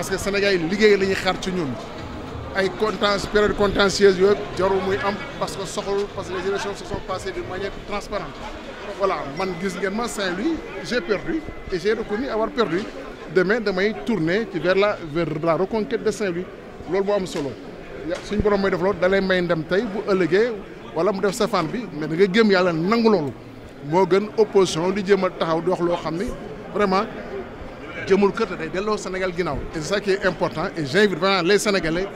parce que Sénégal yi liggéey la ñuy xaar ci ñun ay contentieux période contentieuse yooyu jarul muy am parce que soxul parce que les élections se sont passées d'une manière transparente voilà man gis ngeen ma Saint-Louis j'ai perdu et j'ai reconnu avoir perdu demain damay tourner ci vers la vers la reconquête de Saint-Louis loolu moo am solo suñ borom mooy def loolu da may ndem tey bu ëllëgee wala mu def safaan bi mais da nga yàlla nangu loolu moo gën opposition li jéem a taxaw di wax loo xam ni vraiment jëmul kër te day delloo Sénégal ginnaaw et c'est ça qui est important et j'invite vraiment les Sénégalais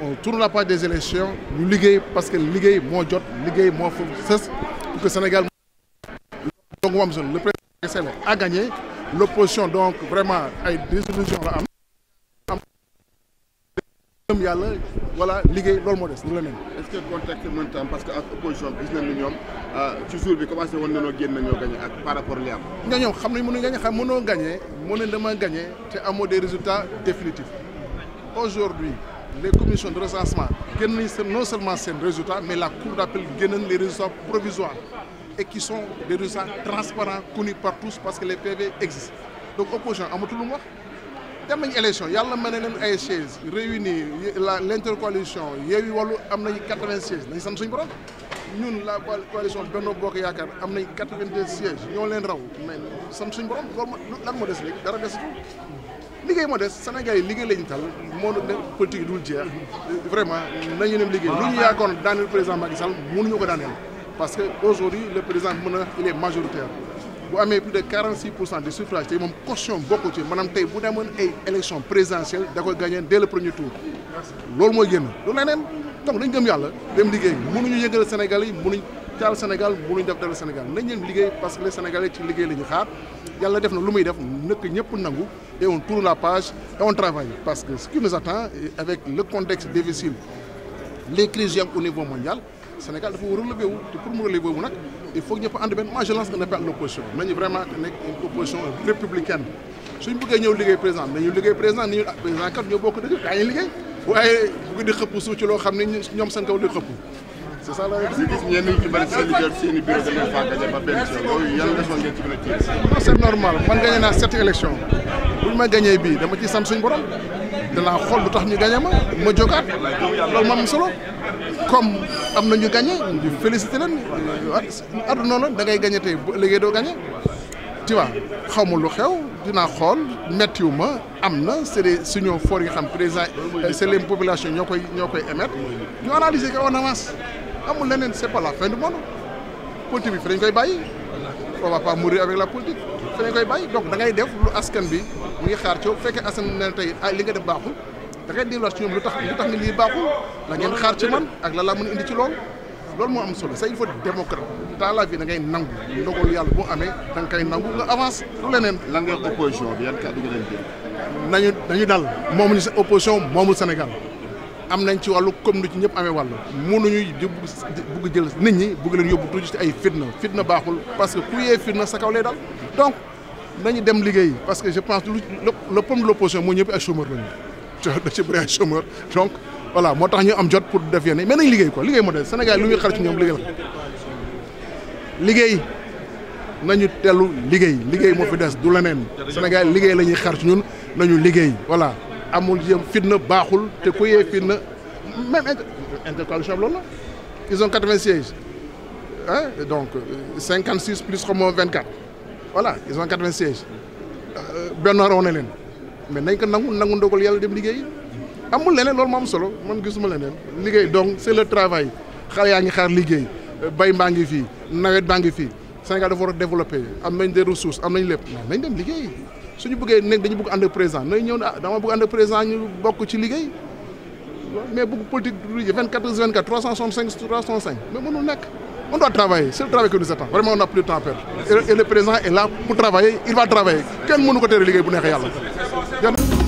on tourne la page des élections ñu liggéey parce que liggéey moo jot liggéey moo fa sës pour Sénégal donc moom solo le président Sall a gagné l'opposition donc vraiment ay désillusion la am am yàlla wala liggéey loolu moo des du leneen. est-ce que contexte mën tam parce que ak opposition bi gis nañ ni ñoom ah, ci jour bi commencé woon nañoo génn ñoo gagné ak par rapport li am. nga ñëw xam nañ mënuñ gagné xam mënoo gagné mu ne dama gagné te amoo des résultats définitifs aujourd'hui les commissions de recensement génn nañ seen non seulement seen résultat mais la cour d'appel génn les résultats provisoires et des résultats transparents connus par tous parce que les PV existent donc dem nañ élection yàlla ma ne leen ay sièges réunis la l' intercoalition Yewwi Wallu am nañu quatre-vingts sièges nañ sant suñu borom ñun la coalition Benno Bokk Yaakaar am nañ quatre-vingt-deux sièges ñoo leen raw mais sant suñu borom loolu lan moo des léegi dara desatul liggéey moo des Sénégal yi liggéey lañu tal moo ne politique dul jeex vraiment nañu dem liggéey lu ñu yaakaaroon daaneel président Macky Sall mënuñu ko daaneel parce que aujourd'hui le président mën a il bu amee plus de 46 pour cent de suffrage te moom caution bokku ci maanaam tey bu demoon ay élection présidentielle da koy gagné dès le premier tour loolu mooy génn lu leneen donc dañ gëm yàlla dem liggéey mënuñu yëgal Sénégal yi mënuñ taal Sénégal mënuñ def dara Sénégal nañ leen liggéey parce que les Sénégalais ci liggéey la ñu xaar yàlla def na lu muy def nëkk ñëpp nangu et on tourne la page et travaille parce que ce qui nous attend avec le contexte difficile mondial Sénégal dafa war a relever wu te pour mu relever wu nag il faut ñëpp ànd benn moi je lance l'opposition nañu vraiment nekk une opposition républicaine suñ ñëw liggéey président nañu liggéey président ni ñu ah, président kat ñoo bokk dëgg kaa ñu liggéey waaye bu di xëpp suuf ci loo xam ne ñoom seen kaw di xëpp seen normal man gagné naa sept élections buñ ma gagné bii dama ci sant suñ danaa xool lu tax ñu gagné ma ma jógaat loolu moom solo comme am na ñu gagné ñu félicité leen àdduna la da ngay gagné tey bu ëllëgee doo gagné tu xaw ma lu xew dinaa xool méttiwu ma am na c'est des signaux forts yi nga xam président c'est les populations ñoo koy ñoo koy émettre ñu analyser ko en amul leneen c'est pas la fin du monde politique bi fi dañ koy bàyyi on va pas mourir avec la politique fa lañ koy bàyyi donc da ngay def lu askan bi mu ngi xaar ci bu fekkee askan bi tey ah, li nga def baaxul da ngay delluwaat ci ñoom lu tax lu tax ni lii baaxul la ngeen xaar ci man ak la mën indi ci loolu loolu moo am solo c'est il faut démocrate dans la vie da ngay nangu ndogalu yàlla boo amee da nga koy nangu nga avance lu leneen. la nga opposition bi yan kàddu nga leen jël. nañu nañu dal moomuñu sa opposition moomul senegal am nañ ci wàllu comme ni ci ñëpp amee wàll mënuñu di bugg jël nit ñi bugg leen yóbbu toujours ci ay fitna baaxul parce que ku yee fitna sa kaw lay dal. donc nañu dem liggéey parce que je pense lu le pomme de l'opposition mooy ñëpp ay chômeur lañu da ci bëri ay chômeur donc voilà moo tax ñu am jot pour def yenn mais nañ liggéey quoi liggéey moo de Sénégal lu ñuy xar ci ñoom liggéey la liggéey nañu tellu liggéey liggéey moo fi des du leneen Sénégal liggéey la ñuy xar ci ñun nañu liggéey voilà amul jëm fitna baaxul te ku yee fitna même intercoalition bi loolu la ils ont quatre-vingts sièges ah donc euh, cinquante six plus xamoo vingt quatre voilà ils ont 80 sièges benn raw na leen mais nañ ko nangu nangu ndogal yàlla dem liggéey amul leneen loolu moo am solo man gisuma leneen liggéey donc c'est le travail xale yaa ngi xaar liggéey euh, bay mbaa ngi fii nawet baa ngi fii Sénégal dafa war a développé am nañ des ressources am nañ lépp nañ dem liggéey suñu bëggee nekk dañu bëgg ànd ak président nañ ñëw ne ah dama bëgg ànd ak président bokk ci liggéey mais bëgg politique du 24 heures 24 365 305 on doit travailler c'est le travail que nous attend vraiment on n'a plus de temps à perdre et le président est là pour travailler il va travailler kenn mënu ko tere liggéey bu neexee yàlla